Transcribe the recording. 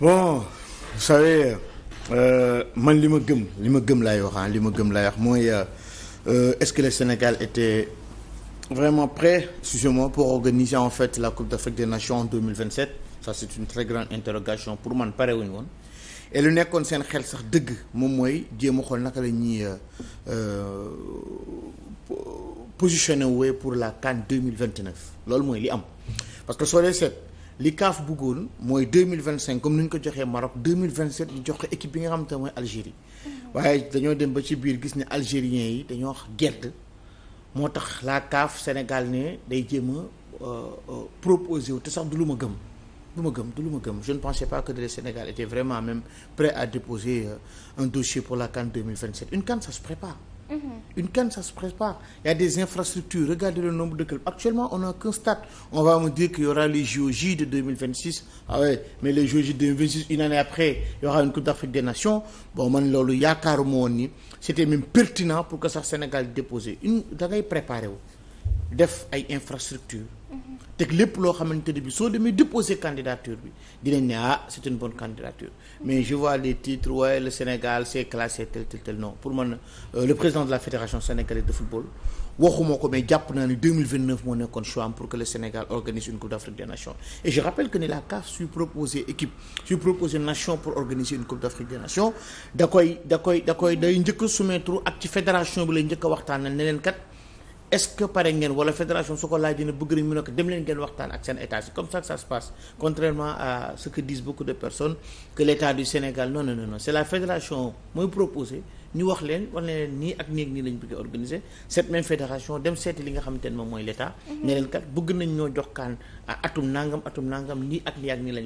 bon vous euh, man li ma gëm li ma gëm laay waxaan ah, li ma gëm laay wax mooy euh, euh, est-ce que le Sénégal était vraiment prêt excusez-moi pour organiser en fait la Coupe d'Afrique des Nations en 2027 ça c'est une très grande interrogation pour man pare wuñu woon et lu nekkoon seen xel sax dëgg moom mooy jéem a naka la ñuy positionné wu pour la CAN 2029 loolu mooy li am parce que soo dee seet li CAF bëggoon mooy deux mille vingt cinq comme ni ñu ko joxee Maroc deux mille vingt sept ñu jox ko équipe bi nga xam te mooy Algérie mhm. waaye dañoo dem ba ci biir gis ne algériens yi dañoo wax gedd moo tax laa CAF Sénégal ne day jéem a euh, euh, proposé wu te sax du lu ma gëm du ma gëm du lu ma gëm je ne pensais pas que le Sénégal était vraiment même prêt à déposer euh, un dossier pour la CAN une CAN ça prépare. Mhm. une canne ça se prépare il y a des infrastructures regardez le nombre de clubs actuellement on n'a qu'un stade on va me dire qu'il y aura les JOJ de 2026 ah ouais mais le JOJ de 2026 une année après il y aura une Coupe d'Afrique des Nations bon man loolu yaakaaruma woon ni c'était même pertinent pour que sax Sénégal déposé une da ngay préparé wu def ay infrastructure teg lépp loo xamante ne soo demee déposer candidature bi dinañ ne ah c'est une bonne candidature mais je vois les waaye ouais, Sénégal c'est classé tel tel tel pour man euh, président de la fédération sénégalaise de football waxuma ko mais jàpp naa ne moo nekkoon choix pour que le Sénégal organise une coupe d'Afrique des nations et je rappelle que ni la CAF suy proposé équipe suy proposé nation pour organiser une coupe d'Afrique a soumettre ak est-ce que pare ngeen wala fédération su ko laajee ne bëgg nañ mu ne ko dem leen ngeen waxtaan ak seen état c'est comme ça que ça se passe contrairement à ce que disent beaucoup de personnes que l'état du Sénégal non non c'est la fédération mooy proposé ñu wax leen wax leen nii ak nii ak nii lañ bëgg organiser cette même fédération dem seeti li nga xamante ne moom mooy l'état mhm. ne leen kat bëgg nañ ñoo jox kaan atum nangam atum nangam nii ak nii ak nii